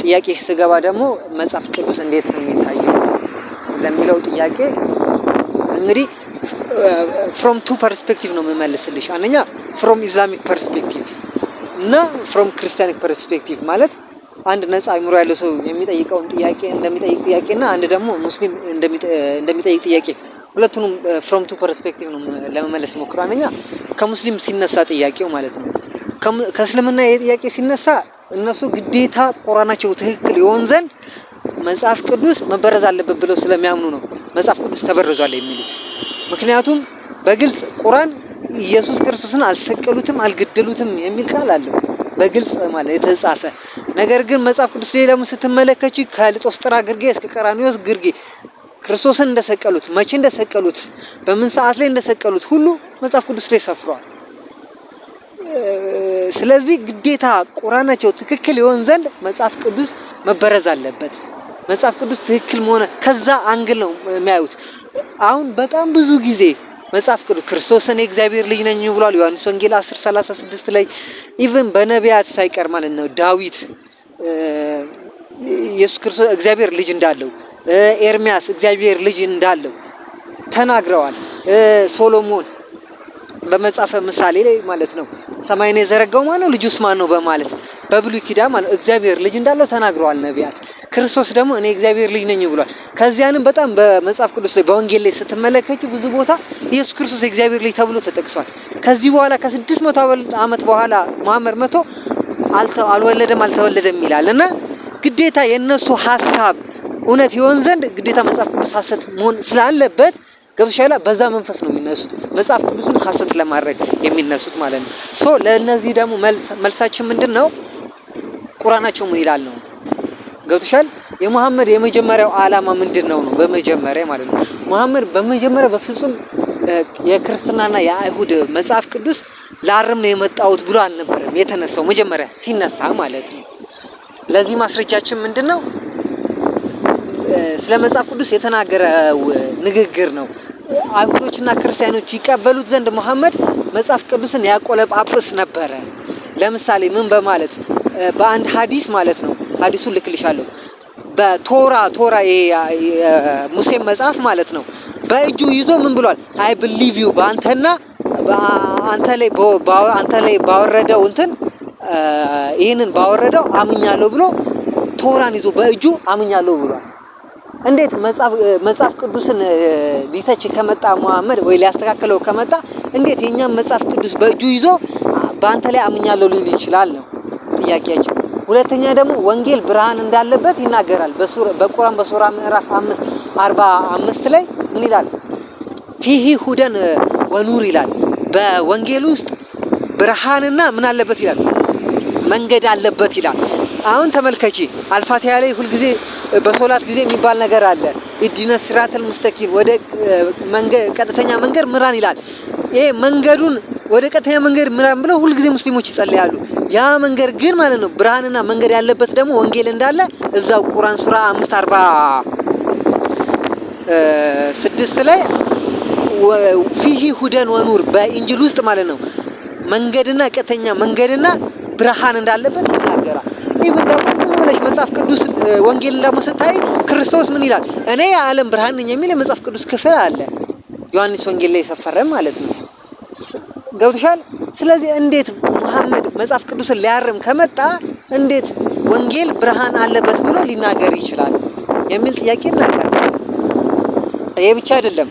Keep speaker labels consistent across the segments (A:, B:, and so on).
A: ጥያቄ ስገባ ደግሞ መጽሐፍ ቅዱስ እንዴት ነው የሚታየው ለሚለው ጥያቄ እንግዲህ ፍሮም ቱ ፐርስፔክቲቭ ነው የምመልስልሽ። አንደኛ ፍሮም ኢስላሚክ ፐርስፔክቲቭ እና ፍሮም ክርስቲያኒክ ፐርስፔክቲቭ ማለት አንድ ነፃ አይምሮ ያለው ሰው የሚጠይቀውን ጥያቄ እንደሚጠይቅ ጥያቄ እና አንድ ደግሞ ሙስሊም እንደሚጠይቅ ጥያቄ ሁለቱንም ፍሮም ቱ ፐርስፔክቲቭ ነው ለመመለስ ሞክሮ። አንደኛ ከሙስሊም ሲነሳ ጥያቄው ማለት ነው ከእስልምና ይሄ ጥያቄ ሲነሳ እነሱ ግዴታ ቁራናቸው ትክክል ይሆን ዘንድ መጽሐፍ ቅዱስ መበረዝ አለበት ብለው ስለሚያምኑ ነው መጽሐፍ ቅዱስ ተበርዟል የሚሉት። ምክንያቱም በግልጽ ቁራን ኢየሱስ ክርስቶስን አልሰቀሉትም አልገደሉትም የሚል ቃል አለው በግልጽ ማለት የተጻፈ ነገር ግን መጽሐፍ ቅዱስ ሌላም ስትመለከች ከልጦስጥራ ግርጌ እስከ ቀራኒዮስ ግርጌ ክርስቶስን እንደሰቀሉት መቼ እንደሰቀሉት በምን ሰዓት ላይ እንደሰቀሉት ሁሉ መጽሐፍ ቅዱስ ላይ ሰፍሯል። ስለዚህ ግዴታ ቁራናቸው ትክክል ይሆን ዘንድ መጽሐፍ ቅዱስ መበረዝ አለበት። መጽሐፍ ቅዱስ ትክክል መሆነ ከዛ አንግል ነው የሚያዩት። አሁን በጣም ብዙ ጊዜ መጽሐፍ ቅዱስ ክርስቶስ ኔ የእግዚአብሔር ልጅ ነኝ ብሏል ዮሐንስ ወንጌል 10 36 ላይ ኢቭን በነቢያት ሳይቀር ማለት ነው ዳዊት ኢየሱስ ክርስቶስ እግዚአብሔር ልጅ እንዳለው ኤርሚያስ እግዚአብሔር ልጅ እንዳለው ተናግረዋል። ሶሎሞን በመጽሐፈ ምሳሌ ላይ ማለት ነው። ሰማይን የዘረጋው ማን ነው? ልጁስ ማን ነው? በማለት በብሉይ ኪዳን ማለት እግዚአብሔር ልጅ እንዳለው ተናግረዋል ነቢያት። ክርስቶስ ደግሞ እኔ እግዚአብሔር ልጅ ነኝ ብሏል። ከዚያንም በጣም በመጽሐፍ ቅዱስ ላይ በወንጌል ላይ ስትመለከቱ ብዙ ቦታ ኢየሱስ ክርስቶስ የእግዚአብሔር ልጅ ተብሎ ተጠቅሷል። ከዚህ በኋላ ከስድስት መቶ ዓመት በኋላ መሐመድ መቶ አልወለደም አልተወለደም ይላል እና ግዴታ የእነሱ ሀሳብ እውነት ይሆን ዘንድ ግዴታ መጽሐፍ ቅዱስ ሀሰት መሆን ስላለበት ገብሻላ በዛ መንፈስ ነው የሚነሱት መጽሐፍ ቅዱስን ሀሰት ለማድረግ የሚነሱት ማለት ነው። ሶ ለእነዚህ ደግሞ መልሳችን ምንድን ነው? ቁራናቸው ምን ይላል ነው ገብቶሻል። የሙሐመድ የመጀመሪያው ዓላማ ምንድን ነው ነው በመጀመሪያ ማለት ነው ሙሐመድ በመጀመሪያ በፍጹም የክርስትናና የአይሁድ መጽሐፍ ቅዱስ ላርም ነው የመጣሁት ብሎ አልነበረም የተነሳው መጀመሪያ ሲነሳ ማለት ነው። ለዚህ ማስረጃችን ምንድን ነው? ስለ መጽሐፍ ቅዱስ የተናገረው ንግግር ነው። አይሁዶችና ክርስቲያኖች ይቀበሉት ዘንድ መሐመድ መጽሐፍ ቅዱስን ጳጳስ ነበረ። ለምሳሌ ምን በማለት በአንድ ሀዲስ ማለት ነው። ሀዲሱን ልክልሻለሁ። በቶራ ቶራ ሙሴ መጽሐፍ ማለት ነው። በእጁ ይዞ ምን ብሏል? አይ ብሊቭ ዩ በአንተና አንተ ላይ አንተ ላይ ባወረደው እንትን ይህንን ባወረደው አምኛለሁ ብሎ ቶራን ይዞ በእጁ አምኛለሁ ብሏል። እንዴት መጽሐፍ ቅዱስን ሊተች ከመጣ መሐመድ ወይ ሊያስተካክለው ከመጣ እንዴት የኛም መጽሐፍ ቅዱስ በእጁ ይዞ በአንተ ላይ አምኛለሁ ሊል ይችላል ነው ጥያቄያቸው። ሁለተኛ ደግሞ ወንጌል ብርሃን እንዳለበት ይናገራል። በቁርአን በሱራ ምዕራፍ 5 45 ላይ ምን ይላል? ፊሂ ሁደን ወኑር ይላል። በወንጌል ውስጥ ብርሃንና ምን አለበት ይላል መንገድ አለበት ይላል። አሁን ተመልከቺ አልፋቲያ ላይ ሁልጊዜ በሶላት ጊዜ የሚባል ነገር አለ። ኢዲነ ሲራተል ሙስተቂም ወደ ቀጥተኛ መንገድ ምራን ይላል። ይሄ መንገዱን ወደ ቀጥተኛ መንገድ ምራን ብለው ሁልጊዜ ሙስሊሞች ይጸልያሉ። ያ መንገድ ግን ማለት ነው ብርሃንና መንገድ ያለበት ደግሞ ወንጌል እንዳለ እዛው ቁርአን ሱራ 546 ላይ ፊሂ ሁደን ወኑር በኢንጅል ውስጥ ማለት ነው መንገድና ቀጥተኛ መንገድና ብርሃን እንዳለበት ይናገራል። ኢቭን ደግሞ ዝም ብለሽ መጽሐፍ ቅዱስ ወንጌልን ደግሞ ስታይ ክርስቶስ ምን ይላል? እኔ የዓለም ብርሃን ነኝ የሚል የመጽሐፍ ቅዱስ ክፍል አለ። ዮሐንስ ወንጌል ላይ የሰፈረ ማለት ነው። ገብቶሻል? ስለዚህ እንዴት መሐመድ መጽሐፍ ቅዱስን ሊያርም ከመጣ እንዴት ወንጌል ብርሃን አለበት ብሎ ሊናገር ይችላል የሚል ጥያቄ እናቀርብ። ይሄ ብቻ አይደለም።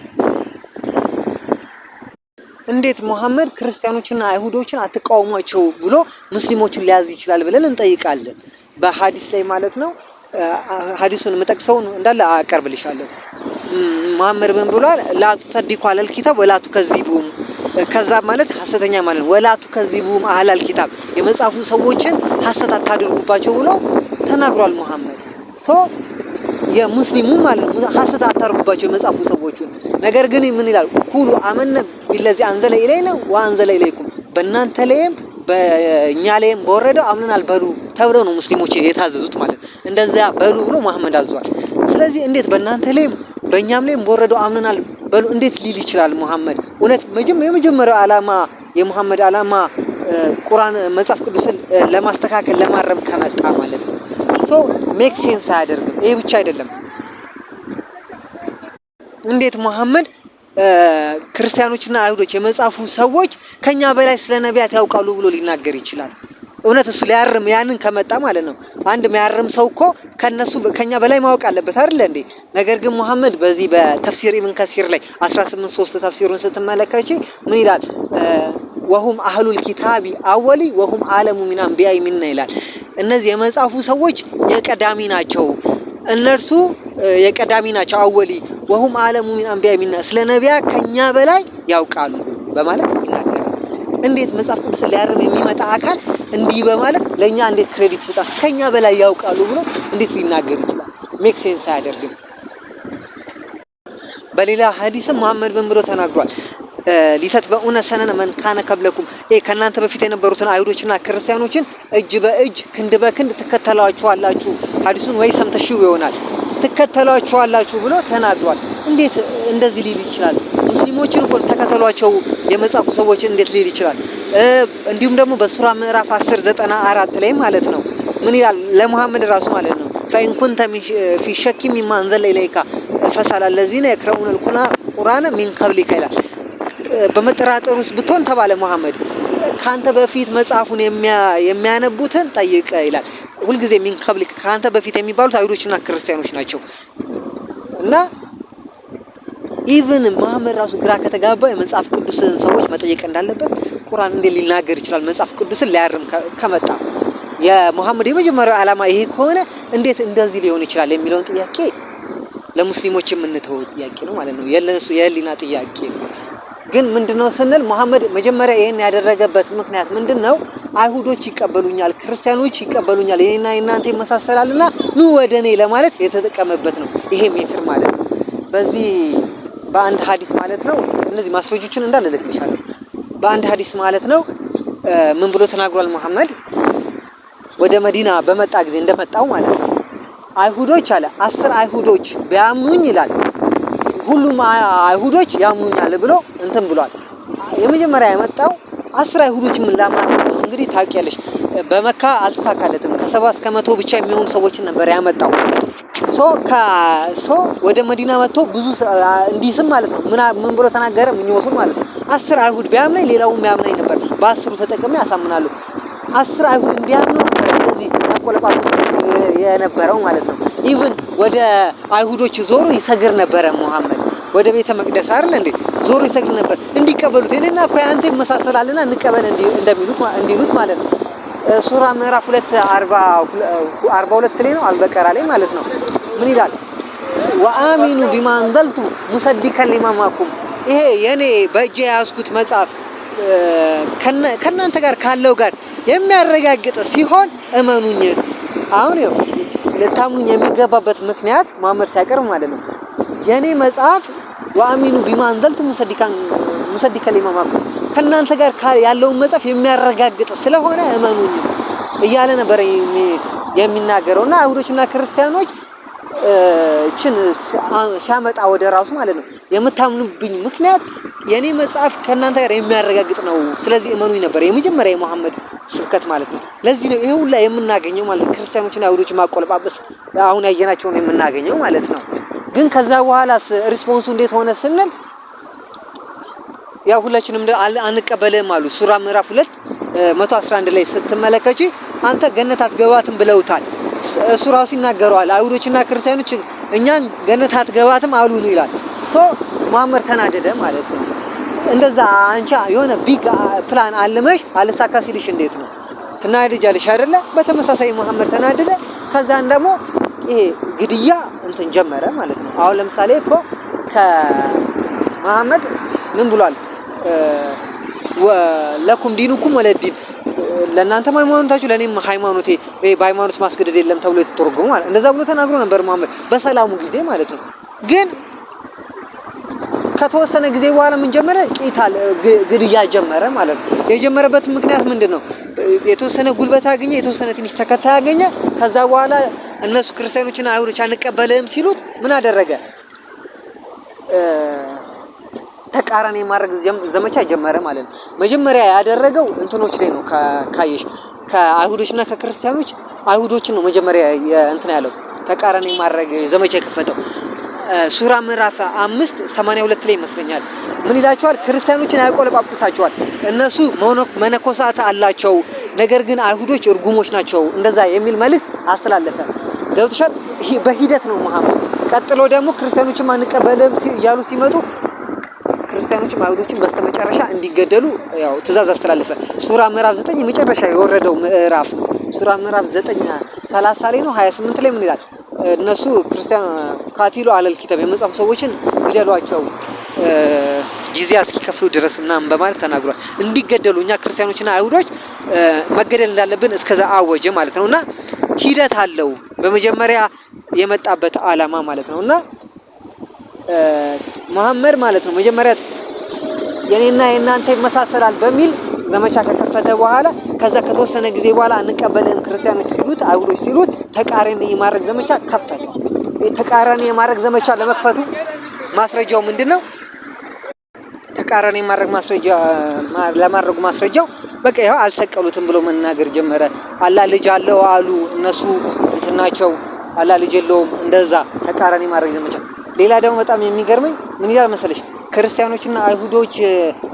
A: እንዴት መሐመድ ክርስቲያኖችና አይሁዶችን አትቃውሟቸው ብሎ ሙስሊሞችን ሊያዝ ይችላል ብለን እንጠይቃለን። በሀዲስ ላይ ማለት ነው። ሀዲሱን የምጠቅሰውን እንዳለ አቀርብልሻለሁ። መሐመድ ምን ብሏል ላቱ ሰዲቁ አለል ኪታብ ወላቱ ከዚቡም ከዛ ማለት ሀሰተኛ ማለት ነው። ወላቱ ከዚቡም አህላል ኪታብ የመጽሐፉ ሰዎችን ሀሰት አታድርጉባቸው ብሎ ተናግሯል መሐመድ ሶ የሙስሊሙ ማለት ሀሰት አታርጉባቸው የመጽሐፉ ሰዎችን። ነገር ግን ምን ይላል? ኩሉ አመነ ኢለዚ አንዘለ ኢለይነ ወአንዘለ ኢለይኩም በእናንተ ላይም በእኛ ላይም በወረደው አምነናል በሉ ተብሎ ነው ሙስሊሞች የታዘዙት ማለት ነው። እንደዛ በሉ ብሎ መሐመድ አዟል። ስለዚህ እንዴት በእናንተ ላይም በእኛም ላይም በወረደው አምነናል በሉ እንዴት ሊል ይችላል መሐመድ? እውነት የመጀመሪያው ዓላማ የመሐመድ ዓላማ ቁርአን መጽሐፍ ቅዱስን ለማስተካከል ለማረም ከመጣ ማለት ነው ሰው ሜክ ሴንስ አያደርግም። ይሄ ብቻ አይደለም። እንዴት መሐመድ ክርስቲያኖችና አይሁዶች የመጽሐፉ ሰዎች ከኛ በላይ ስለ ነቢያት ያውቃሉ ብሎ ሊናገር ይችላል። እውነት እሱ ሊያርም ያንን ከመጣ ማለት ነው። አንድ የሚያርም ሰው እኮ ከነሱ ከኛ በላይ ማወቅ አለበት አይደለ እንዴ? ነገር ግን ሙሐመድ በዚህ በተፍሲር ኢብን ከሲር ላይ 183 ተፍሲሩን ስትመለከች ምን ይላል? ወሁም አህሉል ኪታቢ አወሊ ወሁም አለሙ ሚን አንቢያኢ ሚና ይላል። እነዚህ የመጽሐፉ ሰዎች የቀዳሚ ናቸው እነርሱ የቀዳሚ ናቸው አወሊ ወሁም አለሙ ሚን አንቢያ ሚና ስለ ነቢያ ከኛ በላይ ያውቃሉ በማለት ይናገራል። እንዴት መጽሐፍ ቅዱስን ሊያርም የሚመጣ አካል እንዲህ በማለት ለእኛ እንዴት ክሬዲት ይሰጣል? ከኛ በላይ ያውቃሉ ብሎ እንዴት ሊናገር ይችላል? ሜክ ሴንስ አያደርግም። በሌላ ሀዲስም መሐመድ ምን ብሎ ተናግሯል? ሊተት በእውነ ሰነነ መን ካነ ከብለኩም ይ ከእናንተ በፊት የነበሩትን አይሁዶችና ክርስቲያኖችን እጅ በእጅ ክንድ በክንድ ትከተሏቸዋላችሁ። ሀዲሱን ወይ ሰምተሽው ይሆናል ትከተሏቸዋላችሁ ብሎ ተናግሯል። እንዴት እንደዚህ ሊል ይችላል? ሙስሊሞችን ሁሉ ተከተሏቸው የመጻፉ ሰዎችን እንዴት ሊል ይችላል? እንዲሁም ደግሞ በሱራ ምዕራፍ 10 94 ላይ ማለት ነው ምን ይላል? ለሙሐመድ ራሱ ማለት ነው ፈኢን ኩንተ ፊ ሸኪ ሚማ አንዘለ ኢለይካ ፈሳል አለዚነ የክረኡነ ቁርአነ ሚን ቀብሊከ ይላል። በመጠራጠር ውስጥ ብትሆን ተባለ ሙሐመድ ካንተ በፊት መጽሐፉን የሚያነቡትን ጠይቀ ይላል። ሁልጊዜ ሚን ቀብሊክ ከአንተ በፊት የሚባሉት አይሁዶችና ክርስቲያኖች ናቸው እና ኢቭን መሀመድ ራሱ ግራ ከተጋባ የመጽሐፍ ቅዱስን ሰዎች መጠየቅ እንዳለበት ቁርአን እንዴት ሊናገር ይችላል? መጽሐፍ ቅዱስን ሊያርም ከመጣ የመሀመድ የመጀመሪያው ዓላማ ይሄ ከሆነ እንዴት እንደዚህ ሊሆን ይችላል የሚለውን ጥያቄ ለሙስሊሞች የምንተው ጥያቄ ነው ማለት ነው። የለሱ የህሊና ጥያቄ ነው። ግን ምንድነው ስንል መሐመድ መጀመሪያ ይሄን ያደረገበት ምክንያት ምንድነው? አይሁዶች ይቀበሉኛል፣ ክርስቲያኖች ይቀበሉኛል፣ ይሄና እናንተ ይመሳሰላልና ኑ ወደ እኔ ለማለት የተጠቀመበት ነው። ይሄ ሜትር ማለት ነው። በዚህ በአንድ ሀዲስ ማለት ነው። እነዚህ ማስረጆችን እንዳለ ልክልሻለሁ። በአንድ ሀዲስ ማለት ነው። ምን ብሎ ተናግሯል መሐመድ ወደ መዲና በመጣ ጊዜ እንደመጣው ማለት ነው። አይሁዶች አለ አስር አይሁዶች ቢያምኑኝ ይላል ሁሉም አይሁዶች ያምኑኛል ብሎ እንትን ብሏል። የመጀመሪያ የመጣው አስር አይሁዶች ምን ላማሰብ ነው እንግዲህ ታውቂያለሽ፣ በመካ አልተሳካለትም። ከሰባ እስከ መቶ ብቻ የሚሆኑ ሰዎችን ነበር ያመጣው። ሶ ከሶ ወደ መዲና መጥቶ ብዙ እንዲስም ማለት ነው ምን ብሎ ተናገረ? ምኞቱ ማለት ነው አስር አይሁድ ቢያምነኝ ሌላውም ያምናኝ ነበር፣ በአስሩ ተጠቅሜ ያሳምናሉ። አስር አይሁድ እንዲያምኑ ነበር እንደዚህ መቆለጳጰስ የነበረው ማለት ነው። ኢቭን ወደ አይሁዶች ዞሮ ይሰግር ነበረ ሙሐመድ ወደ ቤተ መቅደስ አይደል እንዴ ዞሮ ይሰግድ ነበር እንዲቀበሉት እኔና እኮ አንተ ይመሳሰላልና እንቀበል እንደሚሉት እንዲሉት ማለት ነው። ሱራ ምዕራፍ 2 42 ላይ ነው አልበቀራ ላይ ማለት ነው። ምን ይላል? ወአሚኑ ቢማ አንዘልቱ ሙሰዲከን ሊማ ይሄ የኔ በእጄ የያዝኩት መጽሐፍ ከእናንተ ጋር ካለው ጋር የሚያረጋግጥ ሲሆን እመኑኝ። አሁን ልታምኑኝ የሚገባበት ምክንያት ማመር ሲያቀርብ ማለት ነው የኔ መጽሐፍ ወአሚኑ ቢማ አንዘልቱም ሙሰዲካን ሙሰዲከ ሊማ ማዕኩም ከእናንተ ጋር ያለውን መጽሐፍ የሚያረጋግጥ ስለሆነ እመኑ እያለ ነበር የሚናገረውና አይሁዶችና ክርስቲያኖች እችን ሲያመጣ ወደ ራሱ ማለት ነው የምታምኑብኝ ምክንያት የኔ መጽሐፍ ከእናንተ ጋር የሚያረጋግጥ ነው፣ ስለዚህ እመኑኝ ነበር የመጀመሪያ የመሐመድ ስብከት ማለት ነው። ለዚህ ነው ይሄ ሁላ የምናገኘው ማለት ነው። ክርስቲያኖችና አይሁዶች ማቆለጳበስ አሁን ያየናቸው ነው የምናገኘው ማለት ነው። ግን ከዛ በኋላ ሪስፖንሱ እንዴት ሆነ ስንል ያው ሁላችንም አንቀበልህም አሉ። ሱራ ምዕራፍ 2 111 ላይ ስትመለከቺ አንተ ገነት አትገባትም ብለውታል። እሱ ራሱ ይናገረዋል። አይሁዶችና ክርስቲያኖች እኛን ገነት አትገባትም አሉን ይላል። ሶ መሐመድ ተናደደ ማለት ነው። እንደዛ አንቺ የሆነ ቢግ ፕላን አልመሽ አልሳካ ሲልሽ እንዴት ነው ትናደጃለሽ አይደለ? በተመሳሳይ መሐመድ ተናደደ። ከዛን ደግሞ ይሄ ግድያ እንትን ጀመረ ማለት ነው። አሁን ለምሳሌ እኮ ከመሐመድ ምን ብሏል? ለኩም ዲኑኩም ወለዲን ለእናንተም ሃይማኖታችሁ ለእኔም ሃይማኖቴ በሃይማኖት ማስገደድ የለም ተብሎ የተተረጎመ ማለት እንደዛ ብሎ ተናግሮ ነበር መሐመድ በሰላሙ ጊዜ ማለት ነው። ግን ከተወሰነ ጊዜ በኋላ ምን ጀመረ? ቂታል ግድያ ጀመረ ማለት ነው። የጀመረበት ምክንያት ምንድን ነው? የተወሰነ ጉልበት አገኘ የተወሰነ ትንሽ ተከታይ ያገኘ ከዛ በኋላ እነሱ ክርስቲያኖችና አይሁዶች አንቀበልህም ሲሉት ምን አደረገ? ተቃራኒ የማድረግ ዘመቻ ጀመረ ማለት ነው። መጀመሪያ ያደረገው እንትኖች ላይ ነው ካየሽ፣ ከአይሁዶችና ከክርስቲያኖች አይሁዶችን ነው መጀመሪያ እንትን ያለው ተቃራኒ የማድረግ ዘመቻ የከፈተው። ሱራ ምዕራፍ አምስት ሰማንያ ሁለት ላይ ይመስለኛል ምን ይላቸዋል? ክርስቲያኖችን ያቆለጳጵሳቸዋል። እነሱ መነኮሳት አላቸው፣ ነገር ግን አይሁዶች እርጉሞች ናቸው። እንደዛ የሚል መልእክት አስተላለፈ። ገብቶሻል። በሂደት ነው መሀመድ። ቀጥሎ ደግሞ ክርስቲያኖችም አንቀበልም እያሉ ሲመጡ ክርስቲያኖችም አይሁዶችም በስተመጨረሻ እንዲገደሉ ያው ትእዛዝ አስተላለፈ። ሱራ ምዕራፍ ዘጠኝ መጨረሻ የወረደው ምዕራፍ ነው። ሱራ ምዕራፍ ዘጠኝ ሰላሳ ላይ ነው። ሀያ ስምንት ላይ ምን ይላል? እነሱ ክርስቲያን ካቲሉ አለል ኪታብ የመጽሐፍ ሰዎችን ግደሏቸው ጊዜ እስኪከፍሉ ድረስ ምናምን በማለት ተናግሯል። እንዲገደሉ እኛ ክርስቲያኖችና አይሁዶች መገደል እንዳለብን እስከዛ አወጀ ማለት ነውና ሂደት አለው። በመጀመሪያ የመጣበት ዓላማ ማለት ነው እና መሐመድ ማለት ነው መጀመሪያ የኔና የእናንተ ይመሳሰላል በሚል ዘመቻ ከከፈተ በኋላ ከዛ ከተወሰነ ጊዜ በኋላ አንቀበልም ክርስቲያኖች ሲሉት፣ አይሁዶች ሲሉት ተቃራኒ የማድረግ ዘመቻ ከፈተ። ተቃራኒ የማድረግ ዘመቻ ለመክፈቱ ማስረጃው ምንድን ነው? ተቃራኒ የማድረግ ማስረጃ ለማድረጉ ማስረጃው በቃ ይኸው አልሰቀሉትም ብሎ መናገር ጀመረ። አላ ልጅ አለው አሉ እነሱ እንትን ናቸው አላ ልጅ የለውም እንደዛ ተቃራኒ ማድረግ ዘመቻል። ሌላ ደግሞ በጣም የሚገርመኝ ምን ይላል መሰለሽ ክርስቲያኖችና አይሁዶች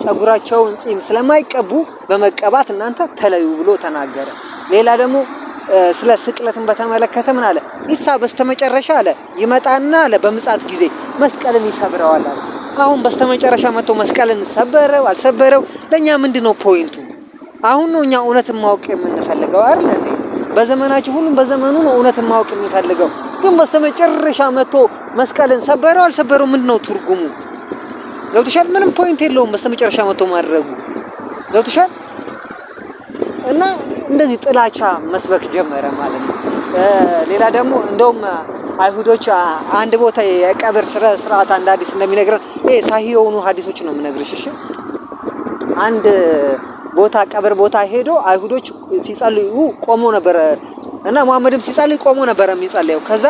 A: ጸጉራቸውን ጺም ስለማይቀቡ በመቀባት እናንተ ተለዩ ብሎ ተናገረ። ሌላ ደግሞ ስለ ስቅለትን በተመለከተ ምን አለ? ኢሳ በስተመጨረሻ አለ ይመጣና አለ በምጻት ጊዜ መስቀልን ይሰብረዋል አለ። አሁን በስተመጨረሻ መጥቶ መስቀልን ሰበረው አልሰበረው ለኛ ምንድነው ፖይንቱ? አሁን ነው እኛ እውነትን ማወቅ የምንፈልገው አይደል? በዘመናችን ሁሉም በዘመኑ ነው እውነትን ማወቅ የሚፈልገው። ግን በስተመጨረሻ መጥቶ መስቀልን ሰበረው አልሰበረው ምን ነው ትርጉሙ? ገብቶሻል? ምንም ፖይንት የለውም በስተመጨረሻ መጥቶ ማድረጉ። ገብቶሻል? እና እንደዚህ ጥላቻ መስበክ ጀመረ ማለት ነው። ሌላ ደግሞ እንደውም አይሁዶች አንድ ቦታ የቀብር ስነ ስርዓት አንድ ሐዲስ እንደሚነግረን ይሄ ሳሂ የሆኑ ሀዲሶች ነው የምነግርሽ። እሺ አንድ ቦታ ቀብር ቦታ ሄዶ አይሁዶች ሲጸልዩ ቆሞ ነበረ እና መሐመድም ሲጸልይ ቆሞ ነበረ የሚጸልየው። ከዛ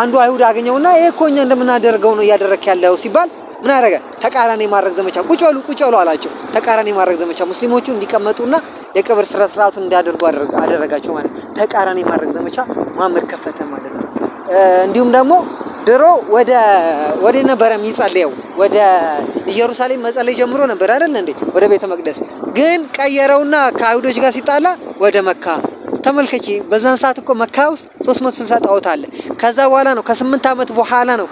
A: አንዱ አይሁድ አገኘውና ይሄ እኮ እኛ እንደምናደርገው ነው እያደረክ ያለው ሲባል ምን አደረገ? ተቃራኒ ማድረግ ዘመቻ። ቁጭ በሉ ቁጭ በሉ አላቸው። ተቃራኒ ማድረግ ዘመቻ ሙስሊሞቹ እንዲቀመጡና የቅብር ስነ ስርዓቱን እንዲያደርጉ አደረጋቸው ማለት ተቃራኒ ማድረግ ዘመቻ መሐመድ ከፈተ ማለት ነው። እንዲሁም ደግሞ ድሮ ወደ ወደ ነበረ የሚጸልየው ወደ ኢየሩሳሌም መጸለይ ጀምሮ ነበር አይደል እንዴ? ወደ ቤተ መቅደስ ግን ቀየረውና ከአይሁዶች ጋር ሲጣላ ወደ መካ ተመልከቺ። በዛን ሰዓት እኮ መካ ውስጥ 360 ጣዖት አለ። ከዛ በኋላ ነው ከስምንት ዓመት በኋላ ነው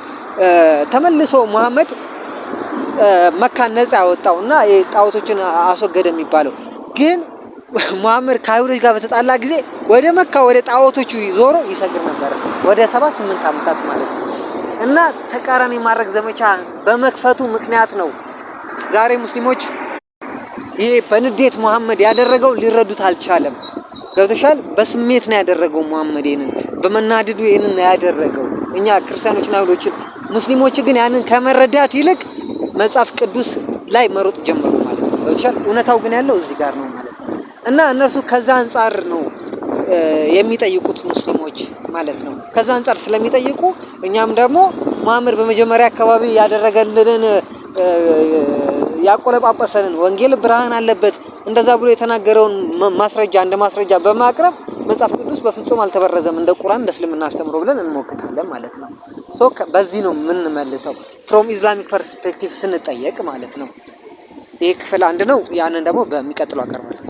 A: ተመልሶ መሐመድ መካን ነጻ ያወጣውና ጣዖቶችን አስወገደ የሚባለው ግን ሙሐመድ ከአይሁዶች ጋር በተጣላ ጊዜ ወደ መካ ወደ ጣዖቶቹ ዞሮ ይሰግድ ነበር፣ ወደ ሰባ ስምንት ዓመታት ማለት ነው። እና ተቃራኒ ማድረግ ዘመቻ በመክፈቱ ምክንያት ነው ዛሬ ሙስሊሞች ይሄ በንዴት ሙሐመድ ያደረገው ሊረዱት አልቻለም። ገብቶሻል? በስሜት ነው ያደረገው ሙሐመድ ይሄንን በመናደዱ ይሄንን ነው ያደረገው። እኛ ክርስቲያኖችና አይሁዶችን ሙስሊሞች ግን ያንን ከመረዳት ይልቅ መጽሐፍ ቅዱስ ላይ መሮጥ ጀመሩ ማለት ነው። ገብቶሻል? እውነታው ግን ያለው እዚህ ጋር ነው። እና እነሱ ከዛ አንጻር ነው የሚጠይቁት ሙስሊሞች ማለት ነው። ከዛ አንጻር ስለሚጠይቁ እኛም ደግሞ ማምር በመጀመሪያ አካባቢ ያደረገልንን ያቆለጳጳሰንን ወንጌል ብርሃን አለበት እንደዛ ብሎ የተናገረውን ማስረጃ እንደ ማስረጃ በማቅረብ መጽሐፍ ቅዱስ በፍጹም አልተበረዘም እንደ ቁርአን እንደ እስልምና አስተምሮ ብለን እንሞክታለን ማለት ነው። ሶ በዚህ ነው የምንመልሰው ፍሮም ኢስላሚክ ፐርስፔክቲቭ ስንጠየቅ ማለት ነው። ይህ ክፍል አንድ ነው። ያንን ደግሞ በሚቀጥለው አቀርባለሁ።